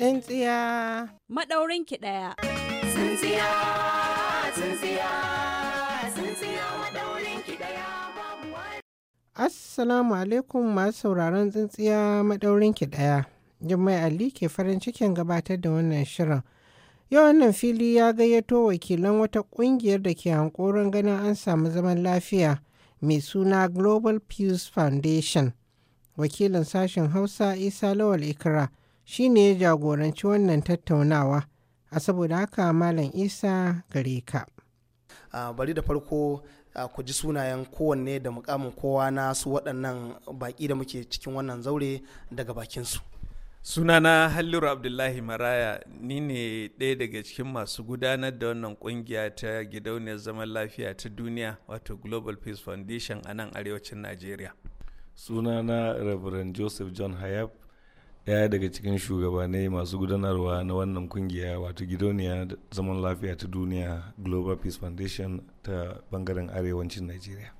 Tsintsiya. Maɗaurin ki ɗaya. Tsintsiya, tsintsiya, tsintsiya maɗaurin ki ɗaya Assalamu alaikum masu sauraron tsintsiya maɗaurin ki ɗaya. Jummai Ali ke farin cikin gabatar da wannan shirin. Yau wannan fili ya gayyato wakilan wata ƙungiyar da ke hankoron ganin an samu zaman lafiya mai suna Global Peace Foundation. Wakilin sashen Hausa Isa Lawal Ikra shi ne ya jagoranci wannan tattaunawa a saboda haka malam isa gare ka bari da farko ku ji sunayen kowanne da mukamin kowa na su waɗannan baƙi da muke cikin wannan zaure daga bakinsu sunana halliru abdullahi maraya ni ne ɗaya daga cikin masu gudanar da wannan ƙungiya ta gidauniyar zaman lafiya ta duniya wato global peace foundation a nan arewacin najeriya sunana reverend joseph john hayab ɗaya daga cikin shugabanai masu gudanarwa na wannan kungiya wato gidoniya zaman lafiya ta duniya global peace foundation ta bangaren arewacin nigeria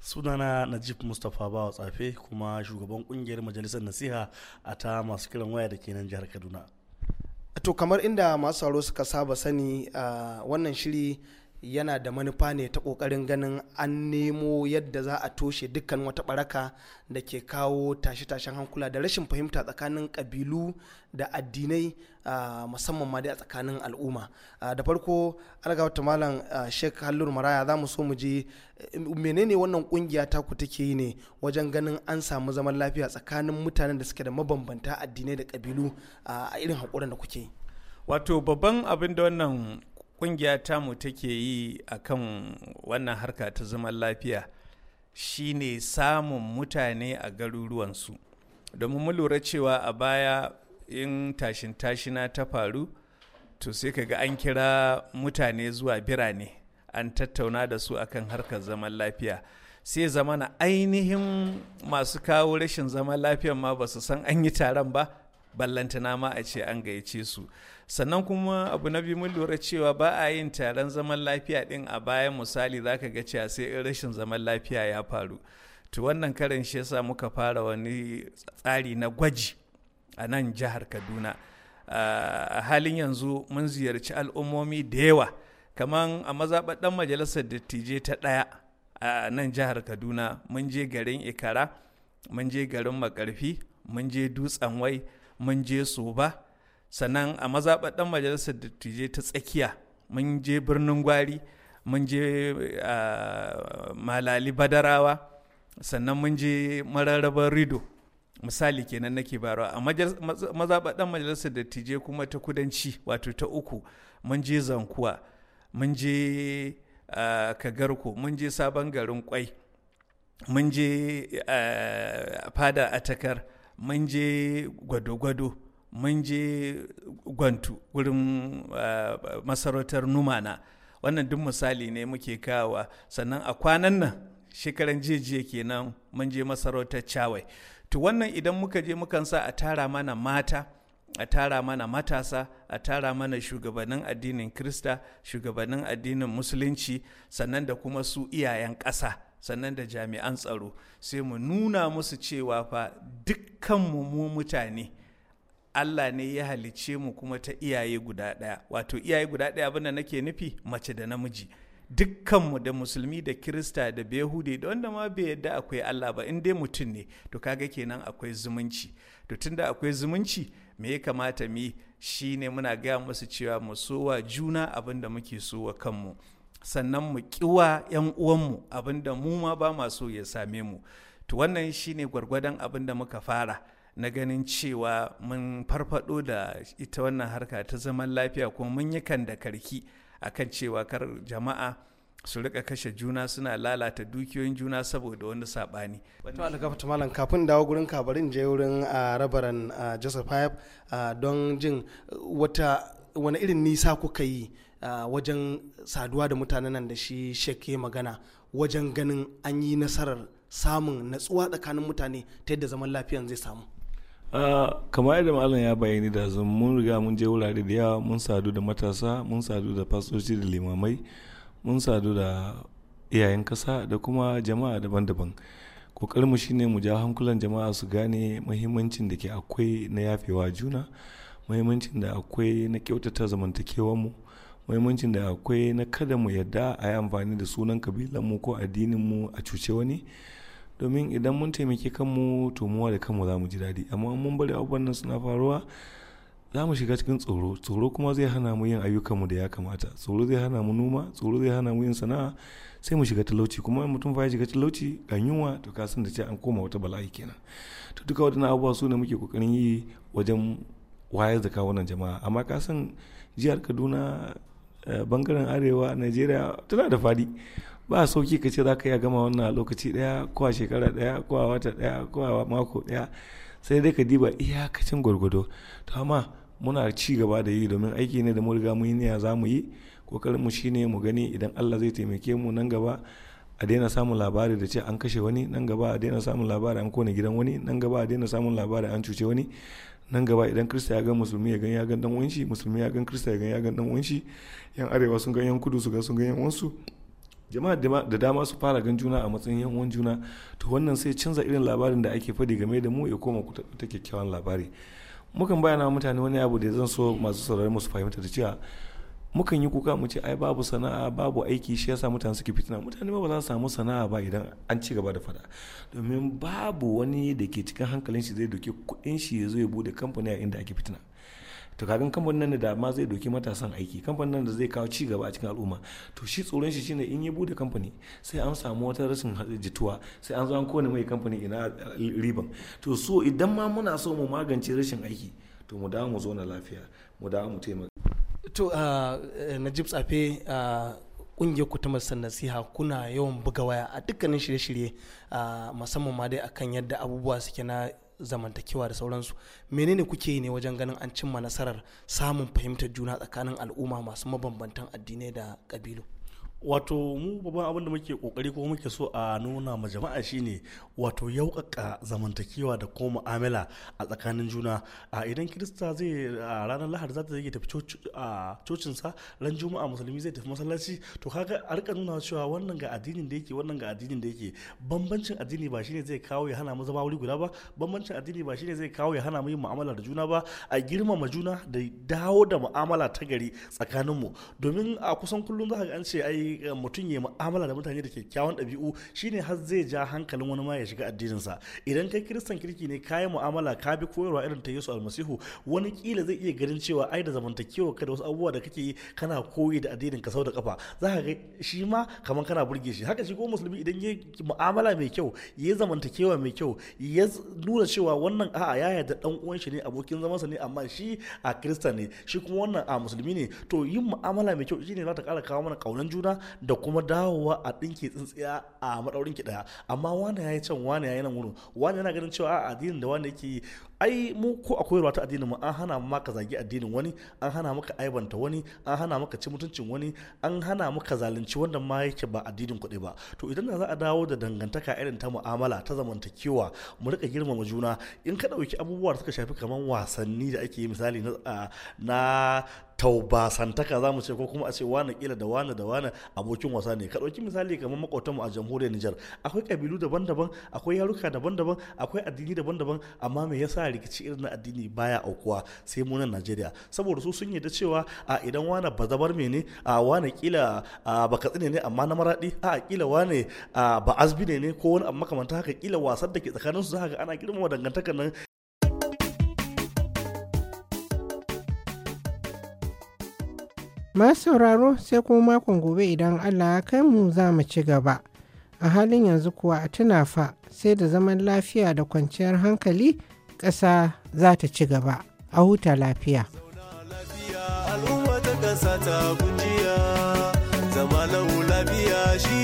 sunana najib mustapha bawa tsafe kuma shugaban kungiyar majalisar nasiha a ta masu kiran waya da kenan jihar kaduna to kamar inda masu sauro suka saba sani a wannan shiri yana da manufa ne ta kokarin ganin an nemo yadda za a toshe dukkan wata baraka da ke kawo tashe-tashen hankula da rashin fahimta tsakanin kabilu da addinai musamman ma dai a tsakanin al'umma da farko wata malam sheik hallur maraya za mu so mu je eh, menene wannan kungiya ta ku take yi ne wajen ganin an samu zaman lafiya tsakanin mutanen da suke da mabambanta addinai da kabilu a irin haƙuran da kuke yi wato babban abin da wannan kungiya tamu take yi a kan wannan harka ta zaman lafiya shine samun mutane a garuruwansu domin mu lura cewa a baya in tashin tashina ta faru to sai ka ga an kira mutane zuwa birane an tattauna da su akan harkar zaman lafiya sai zamana ainihin masu kawo rashin zaman lafiyan ma ba su san an yi taron ba ballantana ma a ce an gayyace su sannan kuma abu na biyu mun lura cewa ba a yin taron zaman lafiya din a bayan misali zaka ga cewa sai in rashin zaman lafiya ya faru to wannan karin shi yasa muka fara wani tsari na gwaji a nan jihar kaduna a halin yanzu mun ziyarci al'ummomi da yawa kamar a mazaɓar ɗan majalisar dattijai ta ɗaya a nan jihar kaduna mun je garin ikara mun je garin makarfi mun je dutsen wai mun je soba sannan a mazaɓar majalisar dattijai ta tsakiya mun je birnin gwari mun je malali badarawa sannan mun je mararrabar rido misali kenan nake barawa a mazaɓar majalisar dattijai kuma ta kudanci wato ta uku mun je zankuwa mun je kagarko mun je sabon garin kwai mun je fada atakar mun je gwado-gwado mun je gwantu wurin eh, masarautar numana wannan duk misali ne muke kawa sannan a kwanan nan shekaran jejiye kenan mun je masarautar cawai to wannan idan muka je mukan sa a tara mana mata a tara mana matasa a tara mana shugabannin addinin krista shugabannin addinin musulunci sannan da kuma su iyayen ƙasa sannan da jami'an tsaro sai mu nuna musu cewa fa dukkan mu mu mutane Allah ne ya halicce mu kuma ta iyaye guda ɗaya wato iyaye guda ɗaya abinda nake nufi mace da namiji dukkanmu da musulmi da kirista da behude da wanda ma bai yadda akwai Allah ba in dai mutum ne to kaga kenan akwai zumunci to tunda akwai zumunci me ya kamata mu shine muna gaya musu cewa mu so wa juna abin da muke sowa kanmu sannan mu kiwa 'yan uwanmu abinda mu ma ba masu ya same mu to wannan shine gwargwadon abin da muka fara na ganin cewa mun farfado da ita wannan harka ta zaman lafiya kuma mun yi kan da karki akan cewa kar jama'a su rika kashe juna suna lalata dukiyoyin juna saboda wani sabani. Wato ta malam kafin dawo gurin kabarin je wurin ah, rabaran ah, Joseph ah, don jin wata wani irin nisa kuka yi wajen saduwa da mutanen nan da shi shakke magana wajen ganin an yi nasarar samun natsuwa tsakanin mutane ta yadda zaman lafiyan zai samu kamar yadda malam ya bayani da mun riga mun je wurare da yawa mun sadu da matasa mun sadu da fasoci da limamai mun sadu da iyayen kasa da kuma jama'a daban-daban mu shine mu ja hankulan jama'a su gane muhimmancin da ke akwai na yafewa juna muhimmancin da akwai na kyautata zamantakewar mu muhimmancin da akwai na kada mu yadda a yi amfani da sunan kabilan mu ko addinin mu a cuce wani domin idan mun taimaki kanmu to muwa da kanmu za mu ji daɗi amma mun bari abubuwan nan suna faruwa za mu shiga cikin tsoro tsoro kuma zai hana mu yin ayyukanmu da ya kamata tsoro zai hana mu noma tsoro zai hana mu yin sana'a sai mu shiga talauci kuma mutum fa ya shiga talauci ga yunwa to ka san da ce an koma wata bala'i kenan to duka waɗannan abubuwa su ne muke kokarin yi wajen wayar da wannan jama'a amma ka san jihar kaduna eh, bangaren arewa najeriya tana da fadi ba sauki ka ce za ka iya gama wannan lokaci daya ko a shekara daya ko a wata daya ko a mako daya sai dai ka diba iyakacin gwargwado to amma muna ci gaba da yi domin aiki ne da mu riga mu yi niyya za mu yi kokarin mu shine mu gani idan Allah zai taimake mu nan gaba a daina samun labari da ce an kashe wani nan gaba a daina samun labari an kone gidan wani nan gaba a daina samun labari an cuce wani nan gaba idan krista ya gan musulmi ya gan ya gan dan wanshi musulmi ya gan krista ya gan ya gan dan wanshi yan arewa sun gan yan kudu su sun gan yan wansu jama'a da dama su fara gan juna a matsayin yan uwan juna to wannan sai canza irin labarin da ake faɗi game da mu ya koma ta kyakkyawan labari mukan bayyana mutane wani abu da zan so masu sauraron musu fahimta da cewa mukan yi kuka mu ce ai babu sana'a babu aiki shi yasa mutane suke fitina mutane ba za su samu sana'a ba idan an ci gaba da fada domin babu wani da ke cikin hankalin shi zai doke kuɗin shi ya zo ya bude kamfani a inda ake fitina to kagan kamfanin nan da ma zai doki matasan aiki kamfanin nan da zai kawo ci gaba a cikin al'umma to shi tsoron shi shine in ya bude kamfani sai an samu wata rashin jituwa sai an zo an kone mai kamfani ina riban to so idan ma muna so mu magance rashin aiki to mu dawo mu zo na lafiya mu dawo mu taimaka to uh, eh, najib tsafe kungiyar uh, ku ta masar nasiha kuna yawan buga waya a dukkanin shirye-shirye uh, musamman ma dai akan yadda abubuwa suke na zamantakewa da sauransu menene kuke yi ne wajen ganin an cimma nasarar samun fahimtar juna tsakanin al'umma masu mabambantan addinai da ƙabilu wato mu babban abin da muke kokari ko muke so a nuna ma jama'a shine wato yaukaka zamantakewa da kuma mu'amala a tsakanin juna a idan kirista zai a ranar lahar za ta zai tafi cocin sa ran juma'a musulmi zai tafi masallaci to kaga a rika nuna cewa wannan ga addinin da yake wannan ga addinin da yake bambancin addini ba shine zai kawo ya hana mu zama wuri guda ba bambancin addini ba shine zai kawo ya hana mu yin mu'amala da juna ba a girmama juna da dawo da mu'amala ta gari mu domin a kusan kullum za ka ga an ce ai Eh, mutum ya mu'amala da mutane da kyakkyawan ɗabi'u shine har zai ja hankalin wani ma ya shiga addininsa idan kai kiristan kirki ne kayi mu'amala ka bi koyarwa irin ta Yesu almasihu wani kila zai iya ganin cewa ai da zamantakewa ka da wasu abubuwa da kake yi kana koyi da addinin ka sau da kafa za ka ga shi ma kamar kana burge shi haka shi ko musulmi idan ya mu'amala mai kyau ya zamantakewa mai kyau ya nuna cewa wannan a'a ya yarda dan uwan shi ne abokin zamansa ne amma shi a kirista ne shi kuma wannan a musulmi ne to yin mu'amala mai kyau shine za ta kara kawo mana kaunan juna da kuma dawowa a ɗinki tsintsiya a maɗaurin ki ɗaya amma wani ya yi can wani ya yi nan wurin wani yana ganin cewa a addinin da wani yake ai mu ko a koyarwa ta addinin mu an hana maka zagi addinin wani an hana maka aibanta wani an hana maka ci mutuncin wani an hana maka zalunci wanda ma yake ba addinin kuɗi ba to idan na za a dawo da dangantaka irin ta mu'amala ta zamantakewa mu rika girmama juna in ka ɗauki abubuwa da suka shafi kamar wasanni da ake yi misali na taubasantaka za mu ce ko kuma a ce wani kila da wani da wani abokin wasa ne ka ɗauki misali kamar makwabtanmu a jamhuriyar Nijar akwai kabilu daban-daban akwai yaruka daban-daban akwai addini daban-daban amma me yasa rikici irin na addini baya aukuwa sai mu nan Najeriya saboda su sun yarda cewa a idan wani bazabar me ne a wani kila ba katsine ne amma na maradi a kila wani ba azbi ne ko wani amma kamanta haka kila wasan da ke tsakaninsu za ka ga ana girmama dangantakar nan Masu sauraro sai kuma makon gobe idan Allah ya kai mu za mu ci gaba. A halin yanzu kuwa a tuna fa sai da zaman lafiya da kwanciyar hankali ƙasa za ta ci gaba. A huta lafiya. lafiya shi